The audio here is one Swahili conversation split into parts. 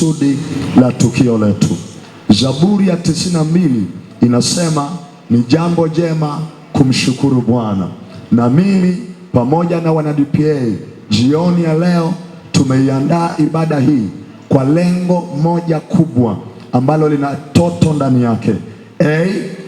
kusudi la tukio letu. Zaburi ya 92 inasema ni jambo jema kumshukuru Bwana, na mimi pamoja na wana DPA jioni ya leo tumeiandaa ibada hii kwa lengo moja kubwa ambalo lina toto ndani yake. A,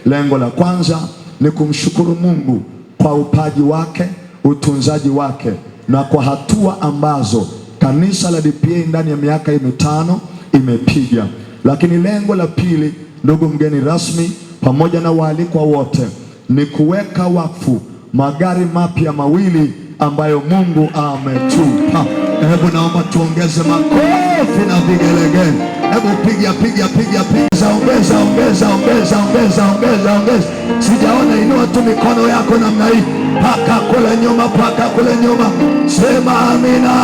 lengo la kwanza ni kumshukuru Mungu kwa upaji wake, utunzaji wake na kwa hatua ambazo Kanisa la DPA ndani ya miaka hii mitano imepiga. Lakini lengo la pili, ndugu mgeni rasmi, pamoja na waalikwa wote, ni kuweka wakfu magari mapya mawili ambayo Mungu ametupa. Hebu naomba tuongeze makofi na vigelegele. Hebu piga piga piga piga, ongeza ongeza ongeza ongeza ongeza ongeza. Sijaona, inua tu mikono yako namna hii mpaka kule nyuma, mpaka kule nyuma. Sema amina.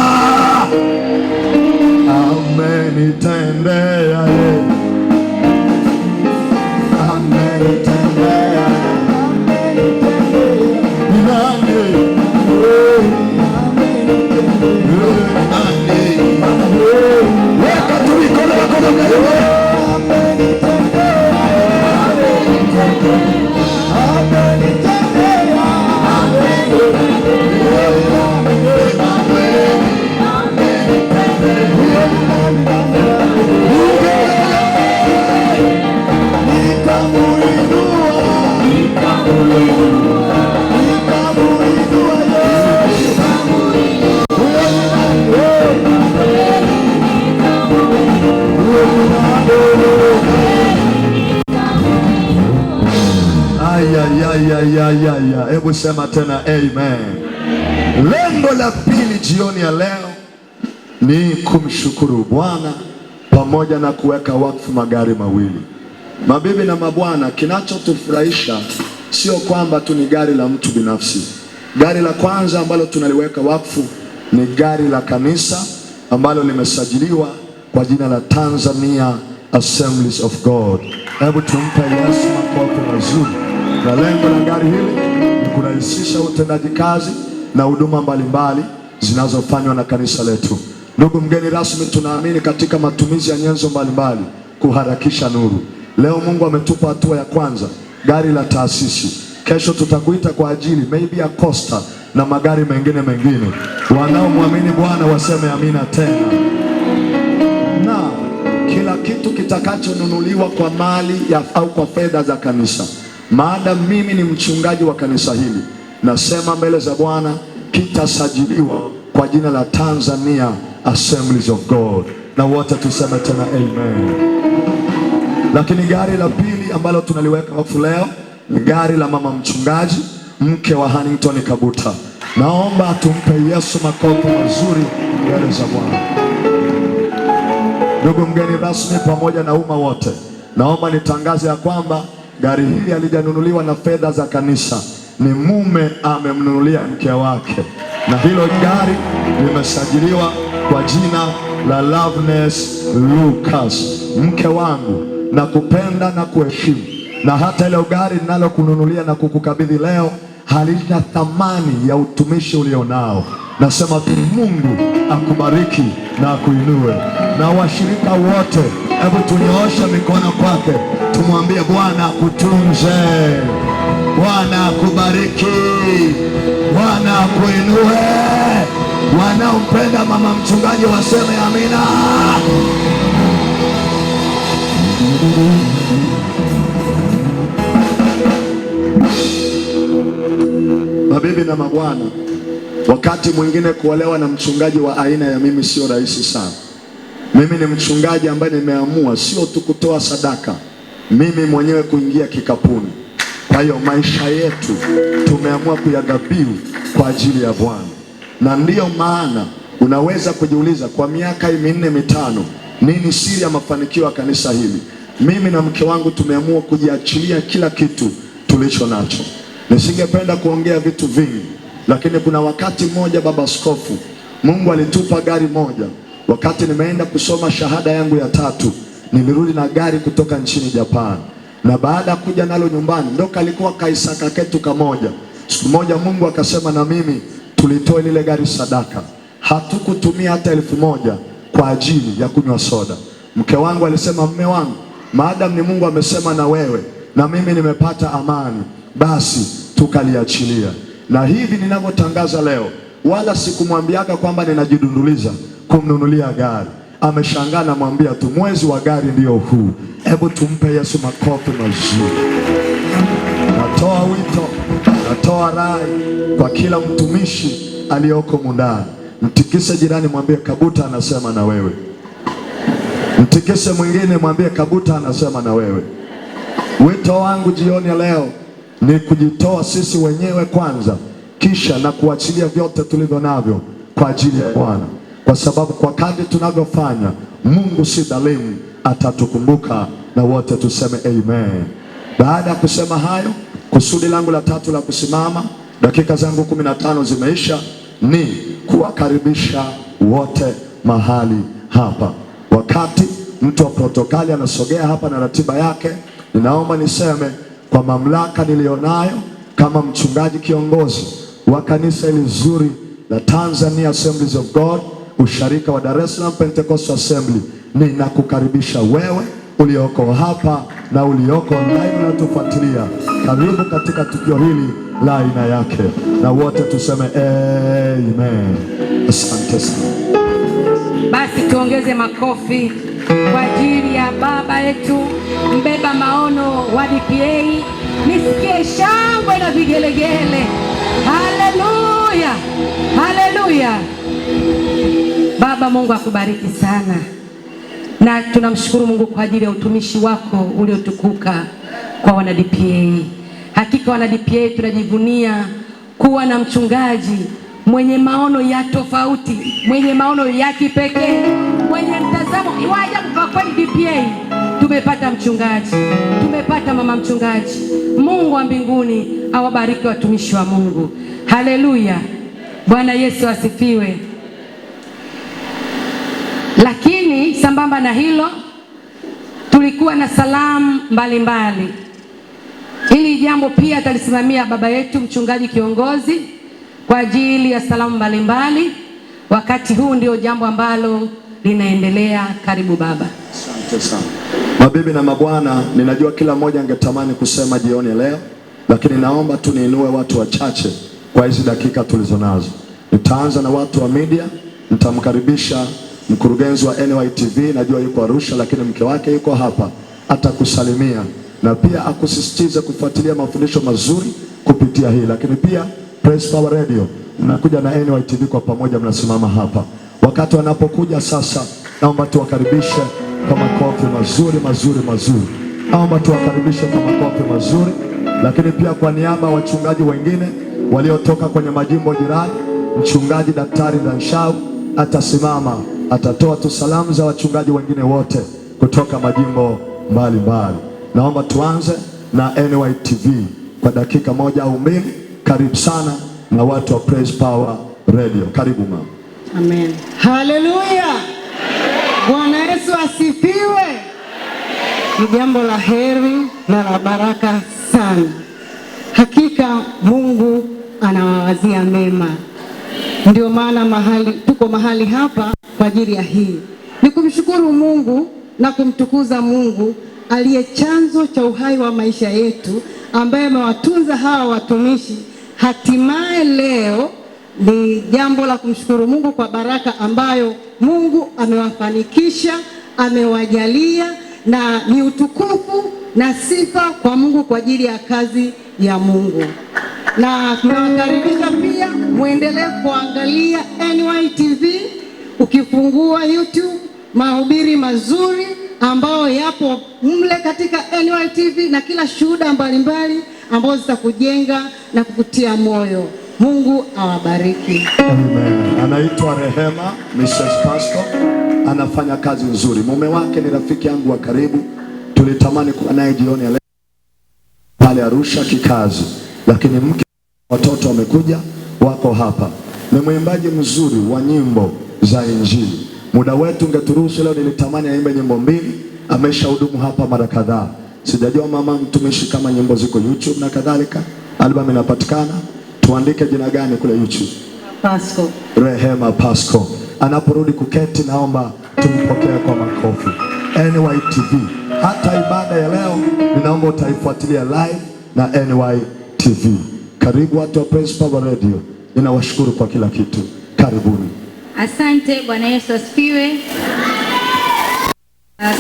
Amenitendea ya, hebu sema tena amen. Lengo la pili jioni ya leo ni kumshukuru Bwana pamoja na kuweka wakfu magari mawili. Mabibi na mabwana, kinachotufurahisha sio kwamba tu ni gari la mtu binafsi. Gari la kwanza ambalo tunaliweka wakfu ni gari la kanisa ambalo limesajiliwa kwa jina la Tanzania Assemblies of God. Hebu tumpe Yesu makofi mazuri na lengo la gari hili ni kurahisisha utendaji kazi na huduma mbalimbali zinazofanywa na kanisa letu. Ndugu mgeni rasmi, tunaamini katika matumizi ya nyenzo mbalimbali kuharakisha nuru. Leo Mungu ametupa hatua ya kwanza, gari la taasisi. Kesho tutakuita kwa ajili maybe ya Costa na magari mengine mengine. Wanaomwamini Bwana waseme amina tena. Na kila kitu kitakachonunuliwa kwa mali ya, au kwa fedha za kanisa maada mimi ni mchungaji wa kanisa hili, nasema mbele za Bwana kitasajiliwa kwa jina la Tanzania Assemblies of God, na wote tuseme tena amen. Lakini gari la pili ambalo tunaliweka hofu leo ni gari la mama mchungaji, mke wa Hanington Kabuta. Naomba tumpe Yesu makofi mazuri mbele za Bwana. Ndugu mgeni rasmi, pamoja na umma wote, naomba nitangaze ya kwamba Gari hili halijanunuliwa na fedha za kanisa, ni mume amemnunulia mke wake, na hilo gari limesajiliwa kwa jina la Loveness Lucas. Mke wangu, nakupenda na kuheshimu, na hata ile gari ninalokununulia na kukukabidhi leo halina thamani ya utumishi ulionao. Nasema tu Mungu akubariki na akuinue, na washirika wote, hebu tunyooshe mikono kwake tumwambie Bwana akutunze, Bwana akubariki, Bwana akuinue. Wanaompenda mama mchungaji waseme amina. Mabibi na mabwana, wakati mwingine kuolewa na mchungaji wa aina ya mimi sio rahisi sana. Mimi ni mchungaji ambaye nimeamua sio tu kutoa sadaka mimi mwenyewe kuingia kikapuni. Kwa hiyo maisha yetu tumeamua kuyadhabihu kwa ajili ya Bwana, na ndiyo maana unaweza kujiuliza kwa miaka minne mitano, nini siri ya mafanikio ya kanisa hili? Mimi na mke wangu tumeamua kujiachilia kila kitu tulicho nacho. Nisingependa kuongea vitu vingi, lakini kuna wakati mmoja, baba askofu, Mungu alitupa gari moja wakati nimeenda kusoma shahada yangu ya tatu Nimerudi na gari kutoka nchini Japan, na baada ya kuja nalo nyumbani ndo kalikuwa kaisaka ketu kamoja. Siku moja Mungu akasema na mimi, tulitoe lile gari sadaka, hatukutumia hata elfu moja kwa ajili ya kunywa soda. Mke wangu alisema, mme wangu, maadam ni Mungu amesema na wewe na mimi nimepata amani, basi tukaliachilia. Na hivi ninavyotangaza leo, wala sikumwambiaga kwamba ninajidunduliza kumnunulia gari ameshangaa, namwambia tu mwezi wa gari ndio huu. Hebu tumpe Yesu makofi mazuri. Natoa wito, natoa rai kwa kila mtumishi aliyoko mundani, mtikise jirani, mwambie Kabuta anasema na wewe. Mtikise mwingine, mwambie Kabuta anasema na wewe. Wito wangu jioni ya leo ni kujitoa sisi wenyewe kwanza, kisha na kuachilia vyote tulivyo navyo kwa ajili ya Bwana kwa sababu kwa kadri tunavyofanya Mungu si dhalimu, atatukumbuka na wote tuseme amen. Baada ya kusema hayo, kusudi langu la tatu la kusimama, dakika zangu kumi na tano zimeisha, ni kuwakaribisha wote mahali hapa. Wakati mtu wa protokali anasogea hapa na ratiba yake, ninaomba niseme kwa mamlaka niliyonayo kama mchungaji kiongozi wa kanisa hili zuri la Tanzania Assemblies of God usharika wa Dar es Salaam Pentecostal Assembly, ninakukaribisha wewe ulioko hapa na ulioko online unatufuatilia, karibu katika tukio hili la aina yake, na wote tuseme amen. Asante sana. Basi tuongeze makofi kwa ajili ya baba yetu mbeba maono wa DPA. Nisikie shangwe na vigelegele. Haleluya, haleluya. Baba Mungu akubariki sana, na tunamshukuru Mungu kwa ajili ya utumishi wako uliotukuka kwa wana DPA. Hakika wana DPA tunajivunia kuwa na mchungaji mwenye maono ya tofauti, mwenye maono ya kipekee, mwenye mtazamo wa ajabu. Kwa kweli DPA tumepata mchungaji, tumepata mama mchungaji. Mungu wa mbinguni awabariki watumishi wa Mungu. Haleluya, Bwana Yesu asifiwe. Lakini sambamba na hilo, tulikuwa na salamu mbalimbali. Hili jambo pia atalisimamia baba yetu mchungaji kiongozi kwa ajili ya salamu mbalimbali. Wakati huu ndio jambo ambalo linaendelea. Karibu baba. Asante sana. Mabibi na mabwana, ninajua kila mmoja angetamani kusema jioni leo, lakini naomba tu niinue watu wachache kwa hizi dakika tulizonazo. Nitaanza na watu wa media, nitamkaribisha mkurugenzi wa NYTV najua yuko Arusha, lakini mke wake yuko hapa, atakusalimia na pia akusisitiza kufuatilia mafundisho mazuri kupitia hii, lakini pia Praise Power Radio mnakuja na NYTV kwa pamoja, mnasimama hapa. Wakati wanapokuja sasa, naomba tuwakaribishe kwa makofi mazuri mazuri mazuri, naomba tuwakaribishe kwa makofi mazuri. Lakini pia kwa niaba ya wachungaji wengine waliotoka kwenye majimbo jirani, mchungaji Daktari Danshau atasimama atatoa tu salamu za wachungaji wengine wote kutoka majimbo mbalimbali. Naomba tuanze na NYTV kwa dakika moja au mbili. Karibu sana na watu wa Praise Power Radio, karibu mama. Amen, haleluya, Bwana Yesu asifiwe. Ni jambo la heri na la baraka sana. Hakika Mungu anawawazia mema, ndio maana mahali tuko mahali hapa kwa ajili ya hii. Ni kumshukuru Mungu na kumtukuza Mungu aliye chanzo cha uhai wa maisha yetu, ambaye amewatunza hawa watumishi. Hatimaye leo ni jambo la kumshukuru Mungu kwa baraka ambayo Mungu amewafanikisha, amewajalia na ni utukufu na sifa kwa Mungu kwa ajili ya kazi ya Mungu, na tunawakaribisha pia muendelee kuangalia nytv ukifungua YouTube mahubiri mazuri ambayo yapo mle katika NY TV na kila shuhuda mbalimbali ambazo zitakujenga na kukutia moyo. Mungu awabariki. Amen. Anaitwa Rehema, Mrs. Pastor, anafanya kazi nzuri. Mume wake ni rafiki yangu wa karibu, tulitamani kuwa naye jioni leo pale Arusha kikazi, lakini mke watoto wamekuja wako hapa. Ni mwimbaji mzuri wa nyimbo za Injili. Muda wetu ungeturuhusu leo, nilitamani aimbe nyimbo mbili, ameshahudumu hapa mara kadhaa. Sijajua mama mtumishi kama nyimbo ziko YouTube na kadhalika, albamu inapatikana, tuandike jina gani kule YouTube? Pasco. Rehema Pasco. Anaporudi kuketi, naomba tumpokee kwa makofi. NY TV, hata ibada ya leo ninaomba utaifuatilia live na NY TV. Karibu watu wa Praise Power Radio, ninawashukuru kwa kila kitu, karibuni. Asante. Bwana Yesu asifiwe. Ah,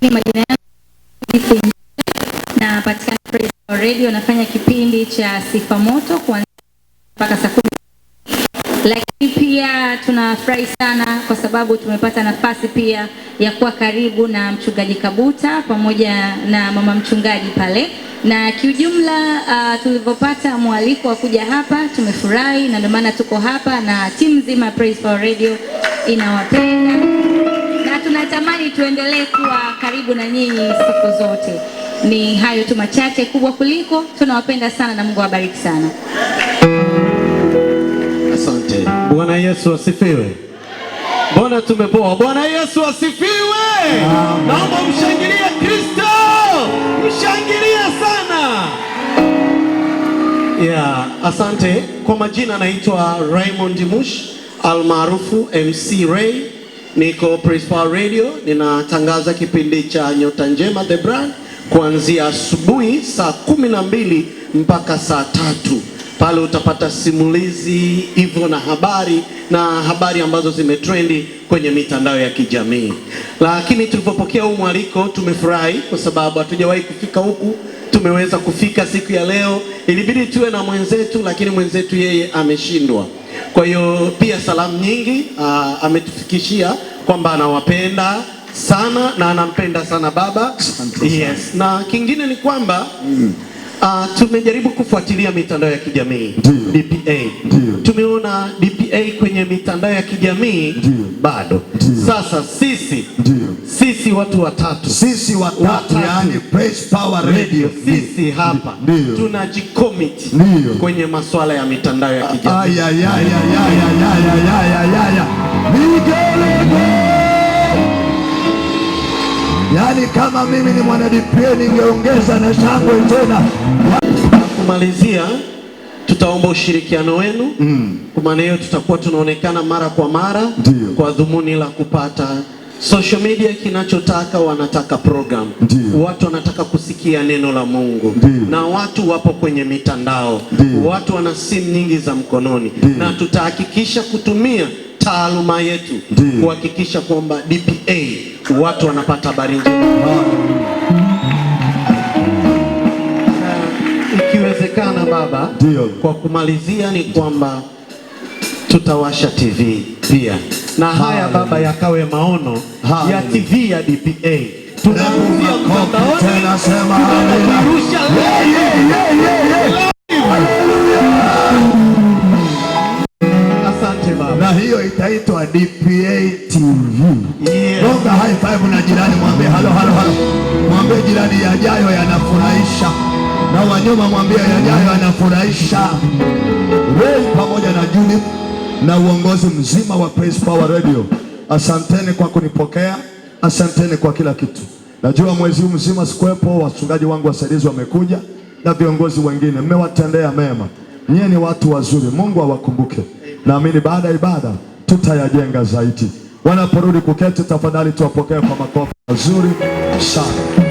majina yangu na patikana Praise Radio, nafanya kipindi cha Sifa Moto kuanzia mpaka saa kumi lakini pia tunafurahi sana kwa sababu tumepata nafasi pia ya kuwa karibu na mchungaji Kabuta pamoja na mama mchungaji pale, na kiujumla uh, tulivyopata mwaliko wa kuja hapa tumefurahi, na ndio maana tuko hapa na timu nzima Praise for Radio inawapenda na tunatamani tuendelee kuwa karibu na nyinyi siku zote. Ni hayo tu machache, kubwa kuliko tunawapenda sana na Mungu awabariki sana. Asante. Bwana Yesu asifiwe. Mbona tumepoa? Bwana Yesu asifiwe. Naomba mshangilie Kristo, mshangilie sana. Yeah, asante. Kwa majina naitwa Raymond Mush almaarufu MC Ray, niko Principal Radio, ninatangaza kipindi cha Nyota Njema The Brand kuanzia asubuhi saa kumi na mbili mpaka saa tatu. Pale utapata simulizi hivyo na habari na habari ambazo zimetrendi kwenye mitandao ya kijamii. Lakini tulipopokea huu mwaliko tumefurahi kwa sababu hatujawahi kufika huku, tumeweza kufika siku ya leo. Ilibidi tuwe na mwenzetu, lakini mwenzetu yeye ameshindwa. Kwa hiyo pia salamu nyingi aa, ah, ametufikishia kwamba anawapenda sana na anampenda sana baba. Yes, na kingine ni kwamba mm. Uh, tumejaribu kufuatilia mitandao ya kijamii DPA. Tumeona DPA kwenye mitandao ya kijamii bado. Dio. Sasa sisi Dio. Sisi watu watatu, sisi watatu, yani Praise Power Radio, sisi hapa tunajikomit kwenye masuala ya mitandao ya kijamii. Yaani kama mimi ni mwana DPA ningeongeza na shangwe tena. Kumalizia, tutaomba ushirikiano wenu mm. Kwa maana hiyo tutakuwa tunaonekana mara kwa mara Dio. Kwa dhumuni la kupata social media kinachotaka wanataka program Dio. Watu wanataka kusikia neno la Mungu Dio. Na watu wapo kwenye mitandao Dio. Watu wana simu nyingi za mkononi Dio. Na tutahakikisha kutumia taaluma yetu kuhakikisha kwamba DPA watu wanapata habari njema uh, ikiwezekana. Baba, kwa kumalizia ni kwamba tutawasha TV pia na haya baba, yakawe maono ya TV ya DPA tunakuia mtandaoni, tunarusha itaitwa DPA TV. yeah. high five na jirani mwambie halo halo halo. Mwambie jirani yajayo yanafurahisha, na wanyuma mwambie yajayo yanafurahisha. Wewe pamoja na Juni na uongozi mzima wa Praise Power Radio, asanteni kwa kunipokea, asanteni kwa kila kitu. Najua mwezi huu mzima sikuwepo, wachungaji wangu wasaidizi wamekuja na viongozi wengine, mmewatendea mema. Nyie ni watu wazuri, Mungu awakumbuke. Naamini baada ya ibada tutayajenga zaidi. Wanaporudi kuketi, tafadhali tuwapokee kwa makofi mazuri sana.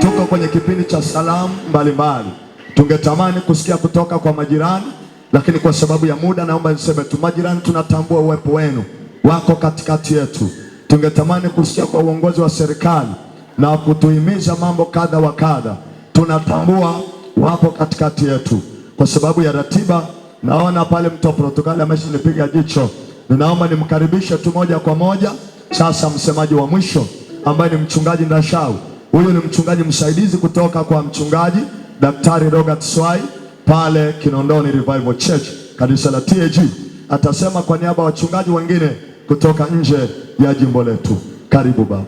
Tuko kwenye kipindi cha salamu mbalimbali, tungetamani kusikia kutoka kwa majirani, lakini kwa sababu ya muda, naomba niseme tu, majirani, tunatambua uwepo wenu, wako katikati yetu. Tungetamani kusikia kwa uongozi wa serikali na kutuhimiza mambo kadha wa kadha. Tunatambua wapo katikati yetu, kwa sababu ya ratiba Naona pale mtu wa protokali ameshinipiga jicho, ninaomba nimkaribishe tu moja kwa moja sasa msemaji wa mwisho ambaye ni mchungaji Ndashau. Huyu ni mchungaji msaidizi kutoka kwa mchungaji Daktari Robert Swai pale Kinondoni Revival Church kanisa la TAG. Atasema kwa niaba ya wachungaji wengine kutoka nje ya jimbo letu. Karibu baba.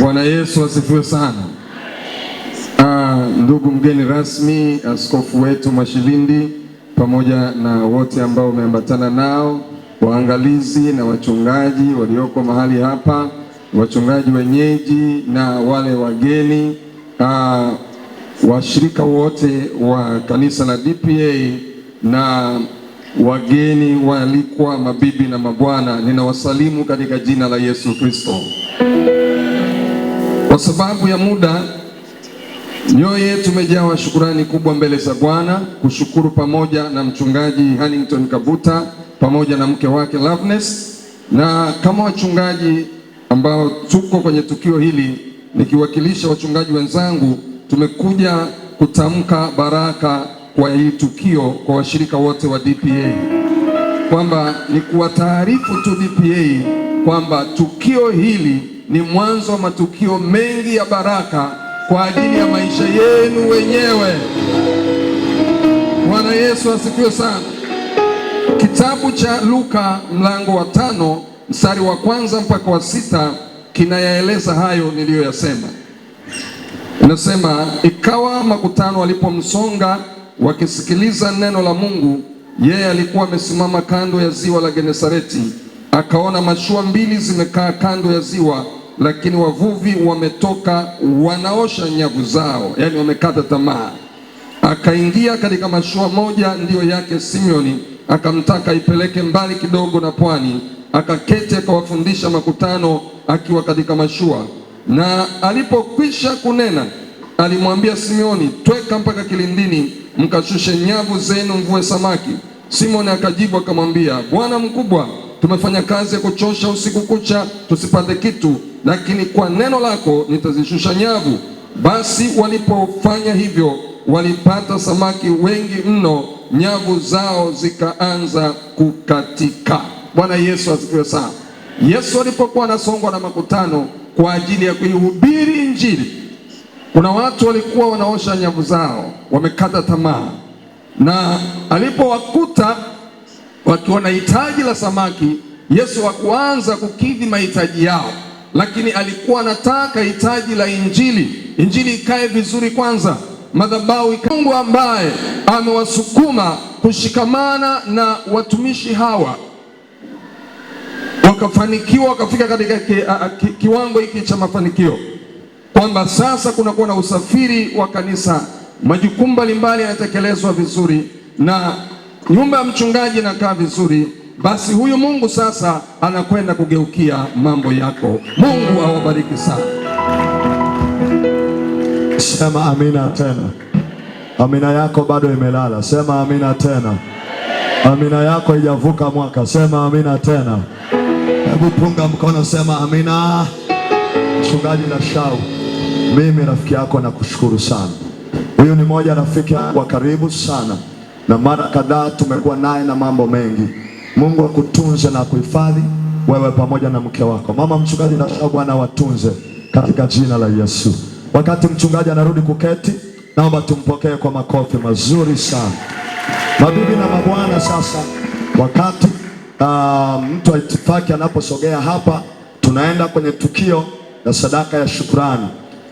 Bwana Yesu asifiwe sana. Ah, ndugu mgeni rasmi, askofu wetu mashilindi pamoja na wote ambao wameambatana nao, waangalizi na wachungaji walioko mahali hapa, wachungaji wenyeji na wale wageni, aa, ah, washirika wote wa kanisa la DPA na wageni waalikwa, mabibi na mabwana, ninawasalimu katika jina la Yesu Kristo. Kwa sababu ya muda nyoye yetu shukurani kubwa mbele za Bwana, kushukuru pamoja na mchungaji Hannington Kavuta pamoja na mke wake Loveness, na kama wachungaji ambao tuko kwenye tukio hili, nikiwakilisha wachungaji wenzangu, tumekuja kutamka baraka kwa hili tukio kwa washirika wote wa DPA, kwamba ni kuwataarifu tu DPA kwamba tukio hili ni mwanzo wa matukio mengi ya baraka kwa ajili ya maisha yenu wenyewe. Bwana Yesu asifiwe sana. Kitabu cha Luka mlango wa tano mstari wa kwanza mpaka wa sita kinayaeleza hayo niliyoyasema. Inasema, ikawa makutano walipomsonga wakisikiliza neno la Mungu, yeye alikuwa amesimama kando ya ziwa la Genesareti, akaona mashua mbili zimekaa kando ya ziwa lakini wavuvi wametoka, wanaosha nyavu zao, yaani wamekata tamaa. Akaingia katika mashua moja ndiyo yake Simioni, akamtaka ipeleke mbali kidogo na pwani, akaketi akawafundisha makutano akiwa katika mashua. Na alipokwisha kunena, alimwambia Simioni, tweka mpaka kilindini, mkashushe nyavu zenu, mvue samaki. Simoni akajibu akamwambia, Bwana mkubwa, tumefanya kazi ya kuchosha usiku kucha, tusipate kitu lakini kwa neno lako nitazishusha nyavu. Basi walipofanya hivyo, walipata samaki wengi mno, nyavu zao zikaanza kukatika. Bwana Yesu asifiwe sana. Yesu alipokuwa anasongwa na makutano kwa ajili ya kuihubiri Injili, kuna watu walikuwa wanaosha nyavu zao, wamekata tamaa, na alipowakuta wakiwa na hitaji la samaki, Yesu hakuanza kukidhi mahitaji yao lakini alikuwa anataka hitaji la injili, injili ikae vizuri kwanza, madhabahu Mungu ambaye amewasukuma kushikamana na watumishi hawa wakafanikiwa, wakafika katika ki, a, ki, kiwango hiki cha mafanikio kwamba sasa kunakuwa na usafiri wa kanisa, majukumu mbalimbali yanatekelezwa vizuri na nyumba ya mchungaji inakaa vizuri basi huyu Mungu sasa anakwenda kugeukia mambo yako. Mungu awabariki sana. Sema amina tena. Amina yako bado imelala. Sema amina tena. Amina yako ijavuka mwaka. Sema amina tena. Hebu punga mkono, sema amina. Mchungaji na shau, mimi rafiki yako nakushukuru sana. Huyu ni moja rafiki yangu wa karibu sana, na mara kadhaa tumekuwa naye na mambo mengi Mungu akutunze na kuhifadhi wewe pamoja na mke wako. Mama mchungaji, nashaa Bwana watunze katika jina la Yesu. Wakati mchungaji anarudi kuketi, naomba tumpokee kwa makofi mazuri sana. Mabibi na mabwana, sasa wakati uh, mtu wa itifaki anaposogea hapa, tunaenda kwenye tukio la sadaka ya shukurani.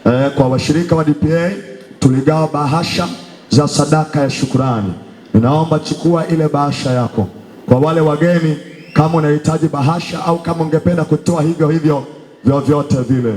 eh, kwa washirika wa DPA tuligawa bahasha za sadaka ya shukurani. Ninaomba chukua ile bahasha yako. Kwa wale wageni, kama unahitaji bahasha au kama ungependa kutoa hivyo hivyo, vyovyote vile,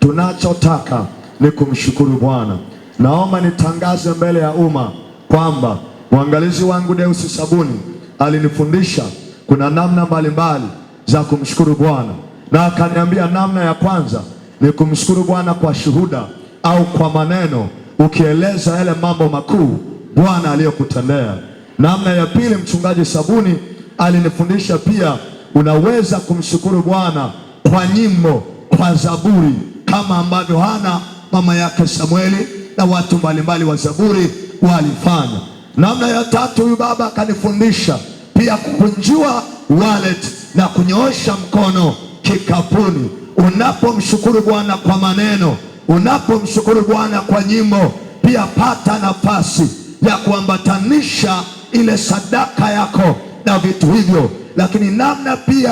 tunachotaka ni kumshukuru Bwana. Naomba nitangaze mbele ya umma kwamba mwangalizi wangu Deusi Sabuni alinifundisha kuna namna mbalimbali za kumshukuru Bwana, na akaniambia namna ya kwanza ni kumshukuru Bwana kwa shuhuda au kwa maneno, ukieleza yale mambo makuu Bwana aliyokutendea. Namna ya pili, mchungaji Sabuni alinifundisha pia, unaweza kumshukuru Bwana kwa nyimbo, kwa zaburi, kama ambavyo Hana mama yake Samueli na watu mbalimbali wa zaburi walifanya. Namna ya tatu, huyu baba akanifundisha pia kukunjua wallet na kunyoosha mkono kikapuni. Unapomshukuru Bwana kwa maneno, unapomshukuru Bwana kwa nyimbo, pia pata nafasi ya kuambatanisha ile sadaka yako na vitu hivyo. Lakini namna pia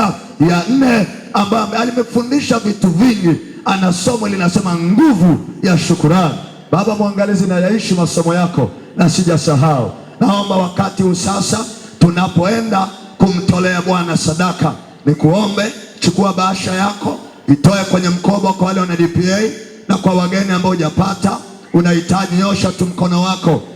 ya nne ambayo alimefundisha vitu vingi, ana somo linasema nguvu ya shukurani. Baba mwangalizi, nayaishi masomo yako na sijasahau. Naomba wakati huu sasa tunapoenda kumtolea Bwana sadaka, ni kuombe, chukua bahasha yako itoe kwenye mkoba, kwa wale wana DPA na kwa wageni ambao hujapata unahitaji, nyosha tu mkono wako